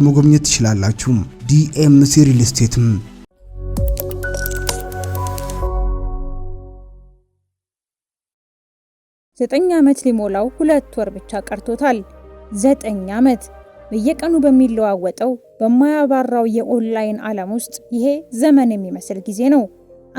በቀላል መጎብኘት ትችላላችሁ። ዲኤምሲ ሪል ስቴትም ዘጠኝ ዓመት ሊሞላው ሁለት ወር ብቻ ቀርቶታል። ዘጠኝ ዓመት በየቀኑ በሚለዋወጠው በማያባራው የኦንላይን ዓለም ውስጥ ይሄ ዘመን የሚመስል ጊዜ ነው።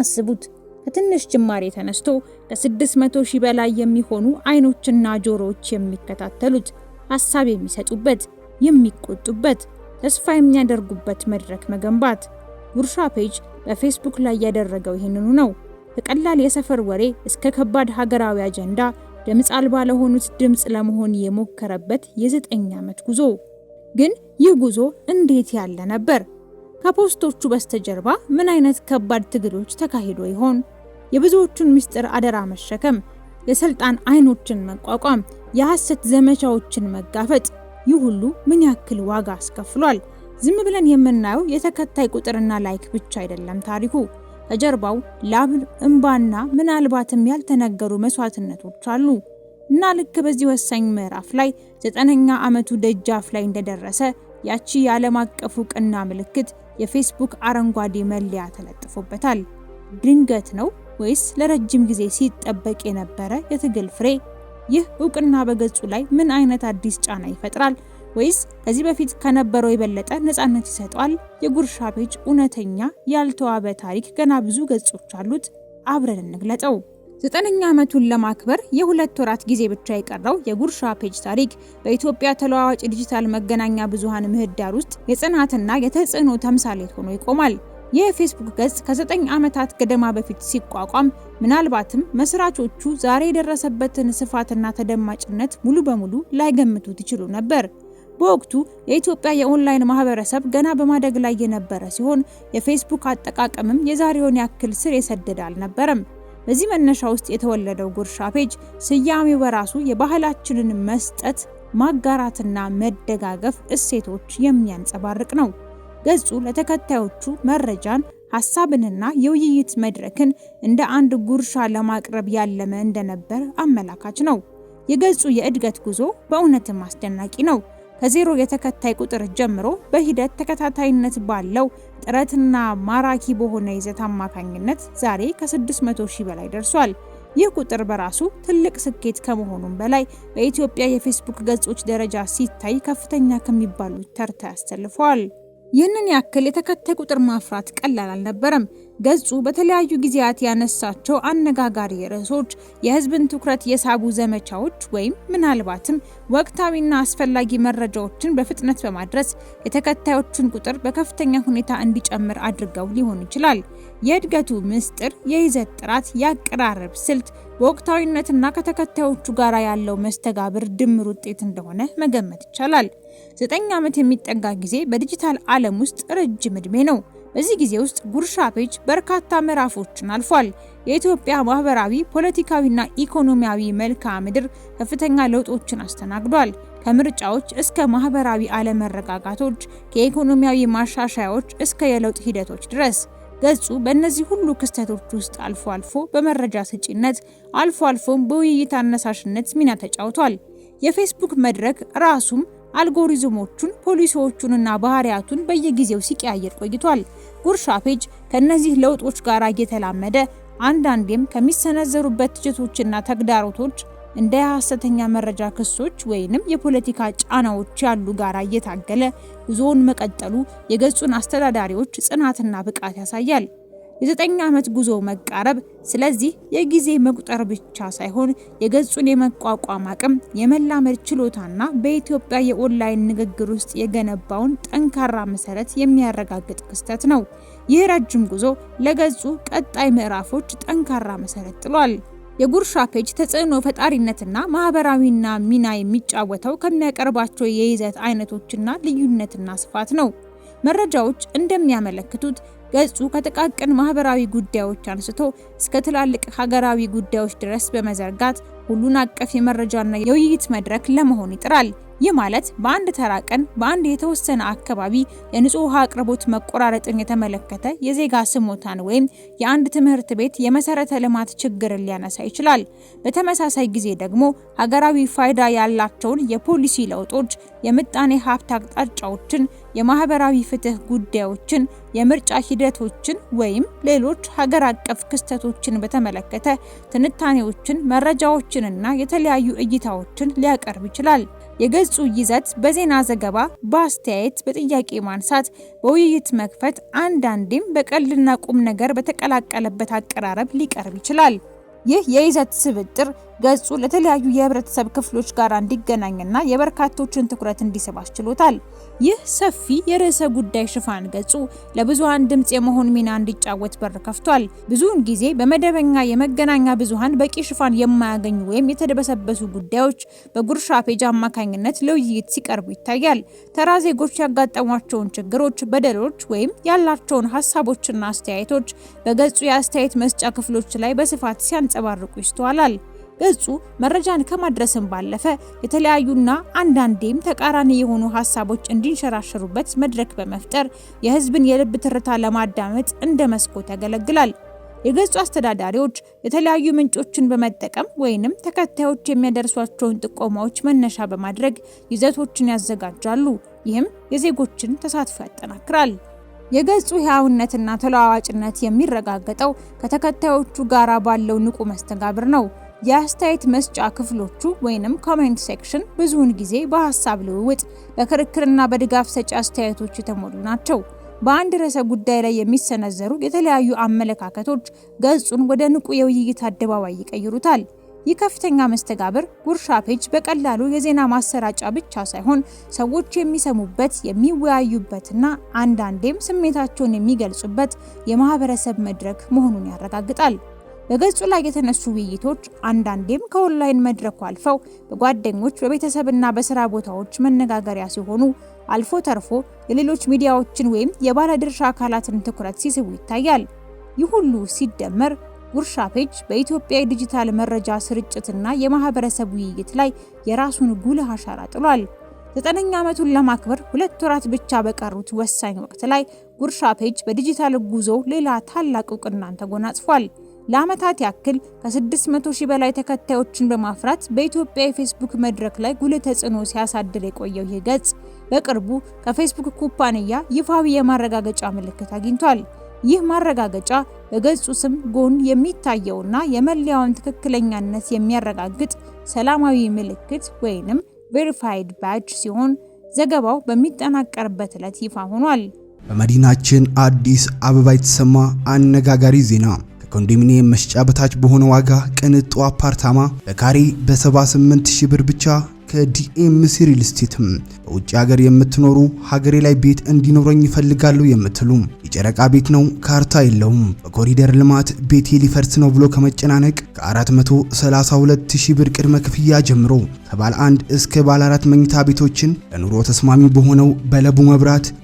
አስቡት ከትንሽ ጅማሬ ተነስቶ ከ600 ሺህ በላይ የሚሆኑ አይኖችና ጆሮዎች የሚከታተሉት፣ ሀሳብ የሚሰጡበት፣ የሚቆጡበት ተስፋ የሚያደርጉበት መድረክ መገንባት። ጉርሻ ፔጅ በፌስቡክ ላይ ያደረገው ይህንኑ ነው። ከቀላል የሰፈር ወሬ እስከ ከባድ ሀገራዊ አጀንዳ ድምፅ አልባ ለሆኑት ድምፅ ለመሆን የሞከረበት የዘጠኝ ዓመት ጉዞ። ግን ይህ ጉዞ እንዴት ያለ ነበር? ከፖስቶቹ በስተጀርባ ምን አይነት ከባድ ትግሎች ተካሂዶ ይሆን? የብዙዎቹን ምስጢር አደራ መሸከም፣ የስልጣን አይኖችን መቋቋም፣ የሐሰት ዘመቻዎችን መጋፈጥ ይህ ሁሉ ምን ያክል ዋጋ አስከፍሏል? ዝም ብለን የምናየው የተከታይ ቁጥርና ላይክ ብቻ አይደለም ታሪኩ። ከጀርባው ላብ፣ እንባና ምናልባትም ያልተነገሩ መስዋዕትነቶች አሉ። እና ልክ በዚህ ወሳኝ ምዕራፍ ላይ ዘጠነኛ ዓመቱ ደጃፍ ላይ እንደደረሰ ያቺ የዓለም አቀፍ እውቅና ምልክት የፌስቡክ አረንጓዴ መለያ ተለጥፎበታል። ድንገት ነው ወይስ ለረጅም ጊዜ ሲጠበቅ የነበረ የትግል ፍሬ? ይህ እውቅና በገጹ ላይ ምን አይነት አዲስ ጫና ይፈጥራል? ወይስ ከዚህ በፊት ከነበረው የበለጠ ነፃነት ይሰጧል? የጉርሻ ፔጅ እውነተኛ ያልተዋበ ታሪክ ገና ብዙ ገጾች አሉት። አብረን እንግለጠው። ዘጠነኛ ዓመቱን ለማክበር የሁለት ወራት ጊዜ ብቻ የቀረው የጉርሻ ፔጅ ታሪክ በኢትዮጵያ ተለዋዋጭ ዲጂታል መገናኛ ብዙሃን ምህዳር ውስጥ የጽናትና የተጽዕኖ ተምሳሌት ሆኖ ይቆማል። ይህ የፌስቡክ ገጽ ከዘጠኝ ዓመታት ገደማ በፊት ሲቋቋም ምናልባትም መስራቾቹ ዛሬ የደረሰበትን ስፋትና ተደማጭነት ሙሉ በሙሉ ላይገምቱት ይችሉ ነበር። በወቅቱ የኢትዮጵያ የኦንላይን ማህበረሰብ ገና በማደግ ላይ የነበረ ሲሆን የፌስቡክ አጠቃቀምም የዛሬውን ያክል ስር የሰደደ አልነበረም። በዚህ መነሻ ውስጥ የተወለደው ጉርሻ ፔጅ ስያሜው በራሱ የባህላችንን መስጠት ማጋራትና መደጋገፍ እሴቶች የሚያንጸባርቅ ነው። ገጹ ለተከታዮቹ መረጃን፣ ሀሳብንና የውይይት መድረክን እንደ አንድ ጉርሻ ለማቅረብ ያለመ እንደነበር አመላካች ነው። የገጹ የእድገት ጉዞ በእውነትም አስደናቂ ነው። ከዜሮ የተከታይ ቁጥር ጀምሮ በሂደት ተከታታይነት ባለው ጥረትና ማራኪ በሆነ ይዘት አማካኝነት ዛሬ ከ600 ሺህ በላይ ደርሷል። ይህ ቁጥር በራሱ ትልቅ ስኬት ከመሆኑም በላይ በኢትዮጵያ የፌስቡክ ገጾች ደረጃ ሲታይ ከፍተኛ ከሚባሉት ተርታ ያሰልፈዋል። ይህንን ያክል የተከታይ ቁጥር ማፍራት ቀላል አልነበረም። ገጹ በተለያዩ ጊዜያት ያነሳቸው አነጋጋሪ ርዕሶች፣ የህዝብን ትኩረት የሳቡ ዘመቻዎች ወይም ምናልባትም ወቅታዊና አስፈላጊ መረጃዎችን በፍጥነት በማድረስ የተከታዮቹን ቁጥር በከፍተኛ ሁኔታ እንዲጨምር አድርገው ሊሆን ይችላል። የእድገቱ ምስጢር የይዘት ጥራት፣ የአቀራረብ ስልት፣ በወቅታዊነትና ከተከታዮቹ ጋር ያለው መስተጋብር ድምር ውጤት እንደሆነ መገመት ይቻላል። ዘጠኝ ዓመት የሚጠጋ ጊዜ በዲጂታል ዓለም ውስጥ ረጅም ዕድሜ ነው። በዚህ ጊዜ ውስጥ ጉርሻ ፔጅ በርካታ ምዕራፎችን አልፏል። የኢትዮጵያ ማህበራዊ፣ ፖለቲካዊና ኢኮኖሚያዊ መልክዓ ምድር ከፍተኛ ለውጦችን አስተናግዷል። ከምርጫዎች እስከ ማህበራዊ አለመረጋጋቶች፣ ከኢኮኖሚያዊ ማሻሻያዎች እስከ የለውጥ ሂደቶች ድረስ ገጹ በእነዚህ ሁሉ ክስተቶች ውስጥ አልፎ አልፎ በመረጃ ሰጪነት፣ አልፎ አልፎም በውይይት አነሳሽነት ሚና ተጫውቷል። የፌስቡክ መድረክ ራሱም አልጎሪዝሞቹን ፖሊሲዎቹንና ባህሪያቱን በየጊዜው ሲቀያየር ቆይቷል። ጉርሻ ፔጅ ከእነዚህ ለውጦች ጋር እየተላመደ አንዳንዴም ከሚሰነዘሩበት ትችቶችና ተግዳሮቶች እንደ ሀሰተኛ መረጃ ክሶች ወይንም የፖለቲካ ጫናዎች ያሉ ጋራ እየታገለ ጉዞውን መቀጠሉ የገጹን አስተዳዳሪዎች ጽናትና ብቃት ያሳያል። የዘጠኝ ዓመት ጉዞ መቃረብ። ስለዚህ የጊዜ መቁጠር ብቻ ሳይሆን የገጹን የመቋቋም አቅም፣ የመላመድ ችሎታና በኢትዮጵያ የኦንላይን ንግግር ውስጥ የገነባውን ጠንካራ መሰረት የሚያረጋግጥ ክስተት ነው። ይህ ረጅም ጉዞ ለገጹ ቀጣይ ምዕራፎች ጠንካራ መሰረት ጥሏል። የጉርሻ ፔጅ ተጽዕኖ ፈጣሪነትና ማህበራዊና ሚና የሚጫወተው ከሚያቀርባቸው የይዘት አይነቶችና ልዩነትና ስፋት ነው። መረጃዎች እንደሚያመለክቱት ገጹ ከጥቃቅን ማህበራዊ ጉዳዮች አንስቶ እስከ ትላልቅ ሀገራዊ ጉዳዮች ድረስ በመዘርጋት ሁሉን አቀፍ የመረጃና የውይይት መድረክ ለመሆን ይጥራል። ይህ ማለት በአንድ ተራ ቀን በአንድ የተወሰነ አካባቢ የንጹህ ውሃ አቅርቦት መቆራረጥን የተመለከተ የዜጋ ስሞታን ወይም የአንድ ትምህርት ቤት የመሰረተ ልማት ችግርን ሊያነሳ ይችላል። በተመሳሳይ ጊዜ ደግሞ ሀገራዊ ፋይዳ ያላቸውን የፖሊሲ ለውጦች፣ የምጣኔ ሀብት አቅጣጫዎችን፣ የማህበራዊ ፍትህ ጉዳዮችን፣ የምርጫ ሂደቶችን ወይም ሌሎች ሀገር አቀፍ ክስተቶችን በተመለከተ ትንታኔዎችን፣ መረጃዎችንና የተለያዩ እይታዎችን ሊያቀርብ ይችላል። የገጹ ይዘት በዜና ዘገባ፣ በአስተያየት፣ በጥያቄ ማንሳት፣ በውይይት መክፈት፣ አንዳንዴም በቀልድና ቁም ነገር በተቀላቀለበት አቀራረብ ሊቀርብ ይችላል። ይህ የይዘት ስብጥር ገጹ ለተለያዩ የህብረተሰብ ክፍሎች ጋር እንዲገናኝና የበርካቶችን ትኩረት እንዲስብ አስችሎታል። ይህ ሰፊ የርዕሰ ጉዳይ ሽፋን ገጹ ለብዙሃን ድምፅ የመሆን ሚና እንዲጫወት በር ከፍቷል። ብዙውን ጊዜ በመደበኛ የመገናኛ ብዙሃን በቂ ሽፋን የማያገኙ ወይም የተደበሰበሱ ጉዳዮች በጉርሻ ፔጅ አማካኝነት ለውይይት ሲቀርቡ ይታያል። ተራ ዜጎች ያጋጠሟቸውን ችግሮች፣ በደሎች ወይም ያላቸውን ሀሳቦችና አስተያየቶች በገጹ የአስተያየት መስጫ ክፍሎች ላይ በስፋት ሲያንጸባርቁ ይስተዋላል። ገጹ መረጃን ከማድረስም ባለፈ የተለያዩና አንዳንዴም ተቃራኒ የሆኑ ሀሳቦች እንዲንሸራሸሩበት መድረክ በመፍጠር የህዝብን የልብ ትርታ ለማዳመጥ እንደ መስኮት ያገለግላል። የገጹ አስተዳዳሪዎች የተለያዩ ምንጮችን በመጠቀም ወይንም ተከታዮች የሚያደርሷቸውን ጥቆማዎች መነሻ በማድረግ ይዘቶችን ያዘጋጃሉ። ይህም የዜጎችን ተሳትፎ ያጠናክራል። የገጹ ህያውነትና ተለዋዋጭነት የሚረጋገጠው ከተከታዮቹ ጋራ ባለው ንቁ መስተጋብር ነው። የአስተያየት መስጫ ክፍሎቹ ወይንም ኮሜንት ሴክሽን ብዙውን ጊዜ በሀሳብ ልውውጥ፣ በክርክርና በድጋፍ ሰጪ አስተያየቶች የተሞሉ ናቸው። በአንድ ርዕሰ ጉዳይ ላይ የሚሰነዘሩ የተለያዩ አመለካከቶች ገጹን ወደ ንቁ የውይይት አደባባይ ይቀይሩታል። ይህ ከፍተኛ መስተጋብር ጉርሻ ፔጅ በቀላሉ የዜና ማሰራጫ ብቻ ሳይሆን ሰዎች የሚሰሙበት፣ የሚወያዩበትና አንዳንዴም ስሜታቸውን የሚገልጹበት የማህበረሰብ መድረክ መሆኑን ያረጋግጣል። በገጹ ላይ የተነሱ ውይይቶች አንዳንዴም ከኦንላይን መድረኩ አልፈው በጓደኞች በቤተሰብና በስራ ቦታዎች መነጋገሪያ ሲሆኑ አልፎ ተርፎ የሌሎች ሚዲያዎችን ወይም የባለድርሻ አካላትን ትኩረት ሲስቡ ይታያል። ይህ ሁሉ ሲደመር ጉርሻ ፔጅ በኢትዮጵያ የዲጂታል መረጃ ስርጭትና የማህበረሰብ ውይይት ላይ የራሱን ጉልህ አሻራ ጥሏል። ዘጠነኛ ዓመቱን ለማክበር ሁለት ወራት ብቻ በቀሩት ወሳኝ ወቅት ላይ ጉርሻ ፔጅ በዲጂታል ጉዞ ሌላ ታላቅ እውቅናን ተጎናጽፏል። ለዓመታት ያክል ከ600 ሺህ በላይ ተከታዮችን በማፍራት በኢትዮጵያ የፌስቡክ መድረክ ላይ ጉልህ ተጽዕኖ ሲያሳድር የቆየው ይህ ገጽ በቅርቡ ከፌስቡክ ኩባንያ ይፋዊ የማረጋገጫ ምልክት አግኝቷል። ይህ ማረጋገጫ በገጹ ስም ጎን የሚታየውና የመለያውን ትክክለኛነት የሚያረጋግጥ ሰላማዊ ምልክት ወይንም ቬሪፋይድ ባጅ ሲሆን ዘገባው በሚጠናቀርበት ዕለት ይፋ ሆኗል። በመዲናችን አዲስ አበባ የተሰማ አነጋጋሪ ዜና ከኮንዶሚኒየም መሸጫ በታች በሆነ ዋጋ ቅንጡ አፓርታማ በካሬ በ78 ሺህ ብር ብቻ ከዲኤም ሲሪል ስቴትም በውጭ ሀገር የምትኖሩ ሀገሬ ላይ ቤት እንዲኖረኝ ይፈልጋለሁ የምትሉ የጨረቃ ቤት ነው፣ ካርታ የለውም፣ በኮሪደር ልማት ቤቴ ሊፈርስ ነው ብሎ ከመጨናነቅ ከ 432000 ሺህ ብር ቅድመ ክፍያ ጀምሮ ከባለ አንድ እስከ ባለ አራት መኝታ ቤቶችን ለኑሮ ተስማሚ በሆነው በለቡ መብራት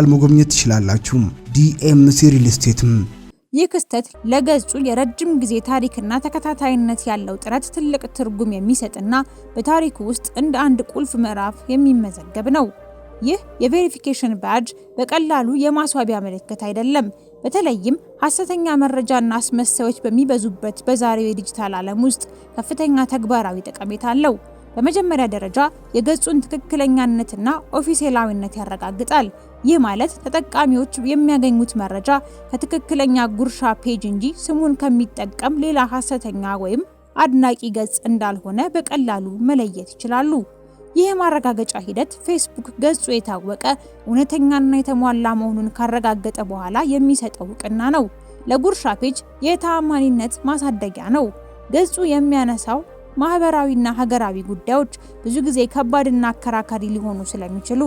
በአካል መጎብኘት ትችላላችሁ። ዲኤምሲ ሪል ስቴትም ይህ ክስተት ለገጹ የረጅም ጊዜ ታሪክና ተከታታይነት ያለው ጥረት ትልቅ ትርጉም የሚሰጥና በታሪኩ ውስጥ እንደ አንድ ቁልፍ ምዕራፍ የሚመዘገብ ነው። ይህ የቬሪፊኬሽን ባጅ በቀላሉ የማስዋቢያ ምልክት አይደለም። በተለይም ሐሰተኛ መረጃና አስመሳዮች በሚበዙበት በዛሬው የዲጂታል ዓለም ውስጥ ከፍተኛ ተግባራዊ ጠቀሜታ አለው። በመጀመሪያ ደረጃ የገጹን ትክክለኛነትና ኦፊሴላዊነት ያረጋግጣል። ይህ ማለት ተጠቃሚዎች የሚያገኙት መረጃ ከትክክለኛ ጉርሻ ፔጅ እንጂ ስሙን ከሚጠቀም ሌላ ሐሰተኛ ወይም አድናቂ ገጽ እንዳልሆነ በቀላሉ መለየት ይችላሉ። ይህ የማረጋገጫ ሂደት ፌስቡክ ገጹ የታወቀ እውነተኛና የተሟላ መሆኑን ካረጋገጠ በኋላ የሚሰጠው እውቅና ነው። ለጉርሻ ፔጅ የተአማኒነት ማሳደጊያ ነው። ገጹ የሚያነሳው ማህበራዊና ሀገራዊ ጉዳዮች ብዙ ጊዜ ከባድና አከራካሪ ሊሆኑ ስለሚችሉ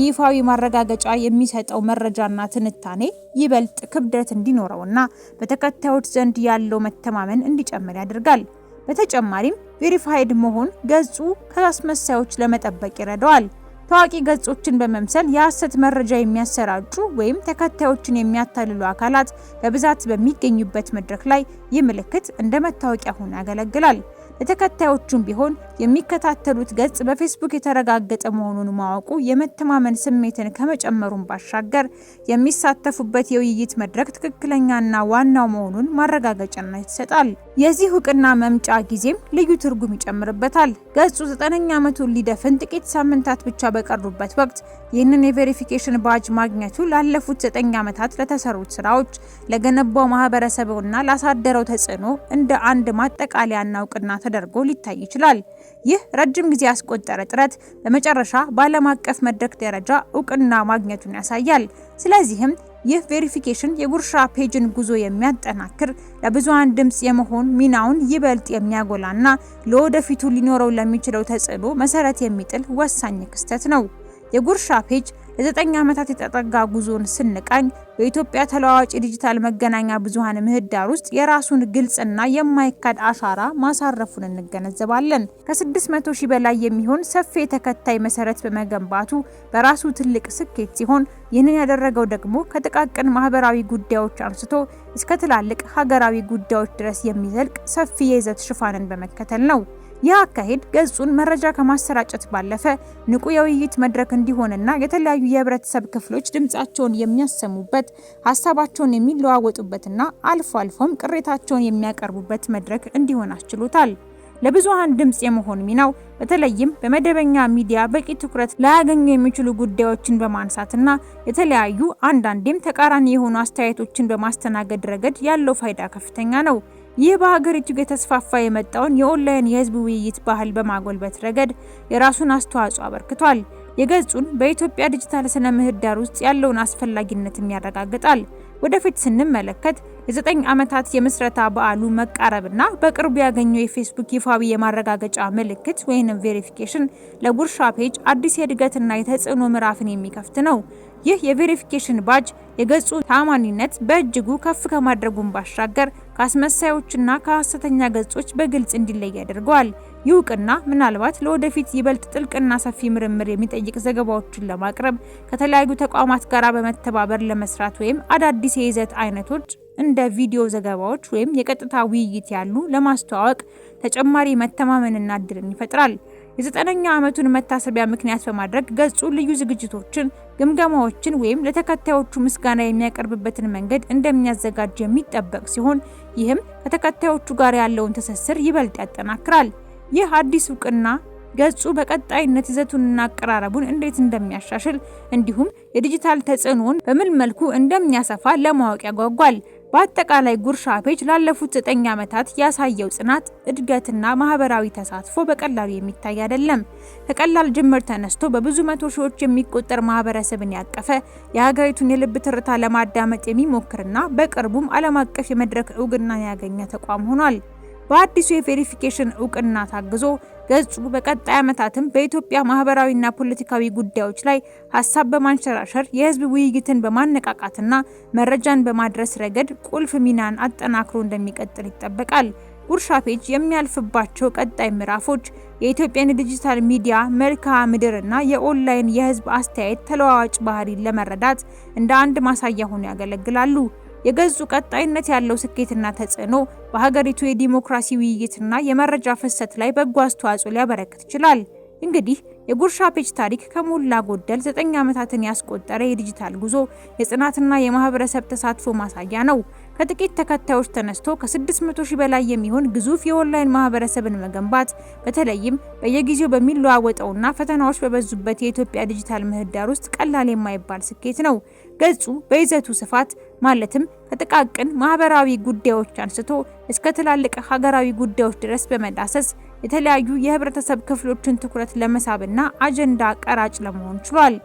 ይፋዊ ማረጋገጫ የሚሰጠው መረጃና ትንታኔ ይበልጥ ክብደት እንዲኖረውና በተከታዮች ዘንድ ያለው መተማመን እንዲጨምር ያደርጋል። በተጨማሪም ቬሪፋይድ መሆን ገጹ ከአስመሳዮች ለመጠበቅ ይረዳዋል። ታዋቂ ገጾችን በመምሰል የሐሰት መረጃ የሚያሰራጩ ወይም ተከታዮችን የሚያታልሉ አካላት በብዛት በሚገኙበት መድረክ ላይ ይህ ምልክት እንደ መታወቂያ ሆኖ ያገለግላል። ለተከታዮቹም ቢሆን የሚከታተሉት ገጽ በፌስቡክ የተረጋገጠ መሆኑን ማወቁ የመተማመን ስሜትን ከመጨመሩም ባሻገር የሚሳተፉበት የውይይት መድረክ ትክክለኛና ዋናው መሆኑን ማረጋገጫና ይሰጣል። የዚህ እውቅና መምጫ ጊዜም ልዩ ትርጉም ይጨምርበታል። ገጹ ዘጠነኛ ዓመቱን ሊደፍን ጥቂት ሳምንታት ብቻ በቀሩበት ወቅት ይህንን የቬሪፊኬሽን ባጅ ማግኘቱ ላለፉት ዘጠኝ ዓመታት ለተሰሩት ስራዎች፣ ለገነባው ማህበረሰብና ላሳደረው ተጽዕኖ እንደ አንድ ማጠቃለያና እውቅና ተደርጎ ሊታይ ይችላል። ይህ ረጅም ጊዜ ያስቆጠረ ጥረት በመጨረሻ በዓለም አቀፍ መድረክ ደረጃ እውቅና ማግኘቱን ያሳያል። ስለዚህም ይህ ቬሪፊኬሽን የጉርሻ ፔጅን ጉዞ የሚያጠናክር ለብዙሃን ድምፅ የመሆን ሚናውን ይበልጥ የሚያጎላና ለወደፊቱ ሊኖረው ለሚችለው ተጽዕኖ መሰረት የሚጥል ወሳኝ ክስተት ነው። የጉርሻ ፔጅ ለዘጠኝ ዓመታት የተጠጋ ጉዞን ስንቃኝ በኢትዮጵያ ተለዋዋጭ ዲጂታል መገናኛ ብዙሃን ምህዳር ውስጥ የራሱን ግልጽና የማይካድ አሻራ ማሳረፉን እንገነዘባለን። ከ600 ሺህ በላይ የሚሆን ሰፊ የተከታይ መሰረት በመገንባቱ በራሱ ትልቅ ስኬት ሲሆን ይህንን ያደረገው ደግሞ ከጥቃቅን ማህበራዊ ጉዳዮች አንስቶ እስከ ትላልቅ ሀገራዊ ጉዳዮች ድረስ የሚዘልቅ ሰፊ የይዘት ሽፋንን በመከተል ነው። ይህ አካሄድ ገጹን መረጃ ከማሰራጨት ባለፈ ንቁ የውይይት መድረክ እንዲሆንና የተለያዩ የህብረተሰብ ክፍሎች ድምፃቸውን የሚያሰሙበት፣ ሀሳባቸውን የሚለዋወጡበትና አልፎ አልፎም ቅሬታቸውን የሚያቀርቡበት መድረክ እንዲሆን አስችሎታል። ለብዙሃን ድምፅ የመሆን ሚናው በተለይም በመደበኛ ሚዲያ በቂ ትኩረት ላያገኙ የሚችሉ ጉዳዮችን በማንሳትና የተለያዩ አንዳንዴም ተቃራኒ የሆኑ አስተያየቶችን በማስተናገድ ረገድ ያለው ፋይዳ ከፍተኛ ነው። ይህ በሀገር እጅግ የተስፋፋ የመጣውን የኦንላይን የህዝብ ውይይት ባህል በማጎልበት ረገድ የራሱን አስተዋጽኦ አበርክቷል። የገጹን በኢትዮጵያ ዲጂታል ስነ ምህዳር ውስጥ ያለውን አስፈላጊነትም ያረጋግጣል። ወደፊት ስንመለከት የዘጠኝ ዓመታት የምስረታ በዓሉ መቃረብና በቅርቡ ያገኘው የፌስቡክ ይፋዊ የማረጋገጫ ምልክት ወይም ቬሪፊኬሽን ለቡርሻ ፔጅ አዲስ የእድገትና የተጽዕኖ ምዕራፍን የሚከፍት ነው። ይህ የቬሪፊኬሽን ባጅ የገጹ ታማኒነት በእጅጉ ከፍ ከማድረጉን ባሻገር ከአስመሳዮችና ከሀሰተኛ ገጾች በግልጽ እንዲለይ ያደርገዋል። ይህ እውቅና ምናልባት ለወደፊት ይበልጥ ጥልቅና ሰፊ ምርምር የሚጠይቅ ዘገባዎችን ለማቅረብ ከተለያዩ ተቋማት ጋር በመተባበር ለመስራት ወይም አዳዲስ የይዘት አይነቶች እንደ ቪዲዮ ዘገባዎች ወይም የቀጥታ ውይይት ያሉ ለማስተዋወቅ ተጨማሪ መተማመንና እድልን ይፈጥራል። የዘጠነኛው ዓመቱን መታሰቢያ ምክንያት በማድረግ ገጹ ልዩ ዝግጅቶችን፣ ግምገማዎችን ወይም ለተከታዮቹ ምስጋና የሚያቀርብበትን መንገድ እንደሚያዘጋጅ የሚጠበቅ ሲሆን ይህም ከተከታዮቹ ጋር ያለውን ትስስር ይበልጥ ያጠናክራል። ይህ አዲስ እውቅና ገጹ በቀጣይነት ይዘቱንና አቀራረቡን እንዴት እንደሚያሻሽል እንዲሁም የዲጂታል ተጽዕኖውን በምን መልኩ እንደሚያሰፋ ለማወቅ ያጓጓል። በአጠቃላይ ጉርሻ ፔጅ ላለፉት 9 ዓመታት ያሳየው ጽናት፣ እድገትና ማህበራዊ ተሳትፎ በቀላሉ የሚታይ አይደለም። ከቀላል ጅምር ተነስቶ በብዙ መቶ ሺዎች የሚቆጠር ማህበረሰብን ያቀፈ የሀገሪቱን የልብ ትርታ ለማዳመጥ የሚሞክርና በቅርቡም ዓለም አቀፍ የመድረክ እውቅናን ያገኘ ተቋም ሆኗል። በአዲሱ የቬሪፊኬሽን እውቅና ታግዞ ገጹ በቀጣይ ዓመታትም በኢትዮጵያ ማህበራዊና ፖለቲካዊ ጉዳዮች ላይ ሀሳብ በማንሸራሸር የህዝብ ውይይትን በማነቃቃትና መረጃን በማድረስ ረገድ ቁልፍ ሚናን አጠናክሮ እንደሚቀጥል ይጠበቃል። ጉርሻ ፔጅ የሚያልፍባቸው ቀጣይ ምዕራፎች የኢትዮጵያን ዲጂታል ሚዲያ መልክዓ ምድርና የኦንላይን የህዝብ አስተያየት ተለዋዋጭ ባህሪን ለመረዳት እንደ አንድ ማሳያ ሆኖ ያገለግላሉ። የገጹ ቀጣይነት ያለው ስኬትና ተጽዕኖ በሀገሪቱ የዲሞክራሲ ውይይትና የመረጃ ፍሰት ላይ በጎ አስተዋጽኦ ሊያበረክት ይችላል። እንግዲህ የጉርሻ ፔጅ ታሪክ ከሞላ ጎደል ዘጠኝ ዓመታትን ያስቆጠረ የዲጂታል ጉዞ የጽናትና የማህበረሰብ ተሳትፎ ማሳያ ነው። ከጥቂት ተከታዮች ተነስቶ ከ600 ሺህ በላይ የሚሆን ግዙፍ የኦንላይን ማህበረሰብን መገንባት በተለይም በየጊዜው በሚለዋወጠውና ፈተናዎች በበዙበት የኢትዮጵያ ዲጂታል ምህዳር ውስጥ ቀላል የማይባል ስኬት ነው። ገጹ በይዘቱ ስፋት ማለትም ከጥቃቅን ማህበራዊ ጉዳዮች አንስቶ እስከ ትላልቅ ሀገራዊ ጉዳዮች ድረስ በመዳሰስ የተለያዩ የህብረተሰብ ክፍሎችን ትኩረት ለመሳብና አጀንዳ ቀራጭ ለመሆን ችሏል።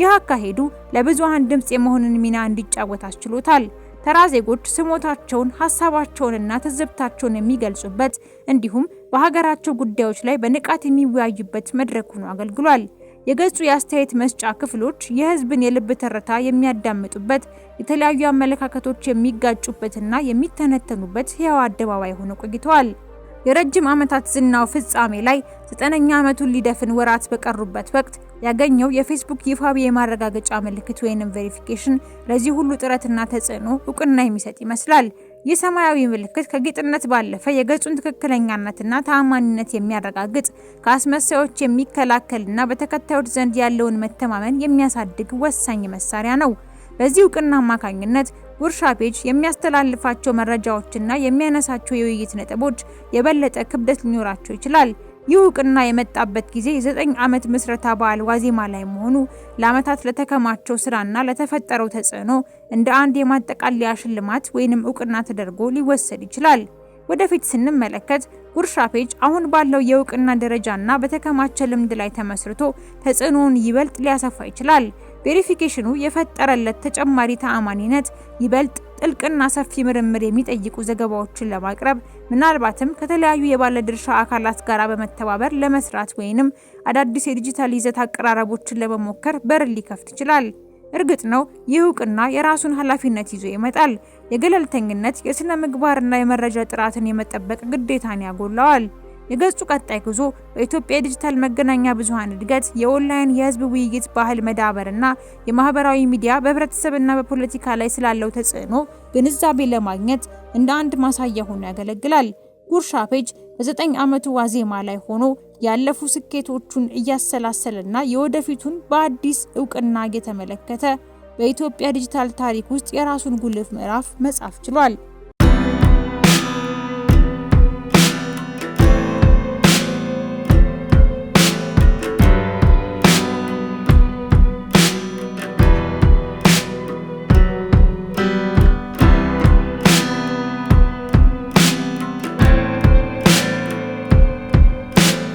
ይህ አካሄዱ ለብዙሃን ድምፅ የመሆንን ሚና እንዲጫወት አስችሎታል። ተራ ዜጎች ስሞታቸውን፣ ሀሳባቸውንና ትዝብታቸውን የሚገልጹበት እንዲሁም በሀገራቸው ጉዳዮች ላይ በንቃት የሚወያዩበት መድረክ ሆኖ አገልግሏል። የገጹ የአስተያየት መስጫ ክፍሎች የህዝብን የልብ ትርታ የሚያዳምጡበት የተለያዩ አመለካከቶች የሚጋጩበትና የሚተነተኑበት ህያው አደባባይ ሆኖ ቆይተዋል። የረጅም ዓመታት ዝናው ፍጻሜ ላይ ዘጠነኛ ዓመቱን ሊደፍን ወራት በቀሩበት ወቅት ያገኘው የፌስቡክ ይፋዊ የማረጋገጫ ምልክት ወይንም ቬሪፊኬሽን ለዚህ ሁሉ ጥረትና ተጽዕኖ እውቅና የሚሰጥ ይመስላል። የሰማያዊ ምልክት ከጌጥነት ባለፈ የገጹን ትክክለኛነትና ተአማኒነት የሚያረጋግጥ ከአስመሳዮች የሚከላከልና በተከታዮች ዘንድ ያለውን መተማመን የሚያሳድግ ወሳኝ መሳሪያ ነው። በዚህ እውቅና አማካኝነት ጉርሻ ፔጅ የሚያስተላልፋቸው መረጃዎችና የሚያነሳቸው የውይይት ነጥቦች የበለጠ ክብደት ሊኖራቸው ይችላል። ይህ እውቅና የመጣበት ጊዜ የዘጠኝ ዓመት ምስረታ በዓል ዋዜማ ላይ መሆኑ ለዓመታት ለተከማቸው ስራና ለተፈጠረው ተጽዕኖ እንደ አንድ የማጠቃለያ ሽልማት ወይንም እውቅና ተደርጎ ሊወሰድ ይችላል። ወደፊት ስንመለከት ጉርሻ ፔጅ አሁን ባለው የእውቅና ደረጃና በተከማቸ ልምድ ላይ ተመስርቶ ተጽዕኖውን ይበልጥ ሊያሰፋ ይችላል። ቬሪፊኬሽኑ የፈጠረለት ተጨማሪ ተአማኒነት ይበልጥ ጥልቅና ሰፊ ምርምር የሚጠይቁ ዘገባዎችን ለማቅረብ ምናልባትም ከተለያዩ የባለድርሻ አካላት ጋር በመተባበር ለመስራት ወይንም አዳዲስ የዲጂታል ይዘት አቀራረቦችን ለመሞከር በር ሊከፍት ይችላል። እርግጥ ነው ይህ እውቅና የራሱን ኃላፊነት ይዞ ይመጣል። የገለልተኝነት የሥነ ምግባርና የመረጃ ጥራትን የመጠበቅ ግዴታን ያጎላዋል። የገጹ ቀጣይ ጉዞ በኢትዮጵያ የዲጂታል መገናኛ ብዙሃን እድገት፣ የኦንላይን የህዝብ ውይይት ባህል መዳበርና የማህበራዊ ሚዲያ በህብረተሰብና በፖለቲካ ላይ ስላለው ተጽዕኖ ግንዛቤ ለማግኘት እንደ አንድ ማሳያ ሆኖ ያገለግላል። ጉርሻ ፔጅ በዘጠኝ ዓመቱ ዋዜማ ላይ ሆኖ ያለፉ ስኬቶቹን እያሰላሰለና የወደፊቱን በአዲስ እውቅና እየተመለከተ በኢትዮጵያ ዲጂታል ታሪክ ውስጥ የራሱን ጉልፍ ምዕራፍ መጻፍ ችሏል።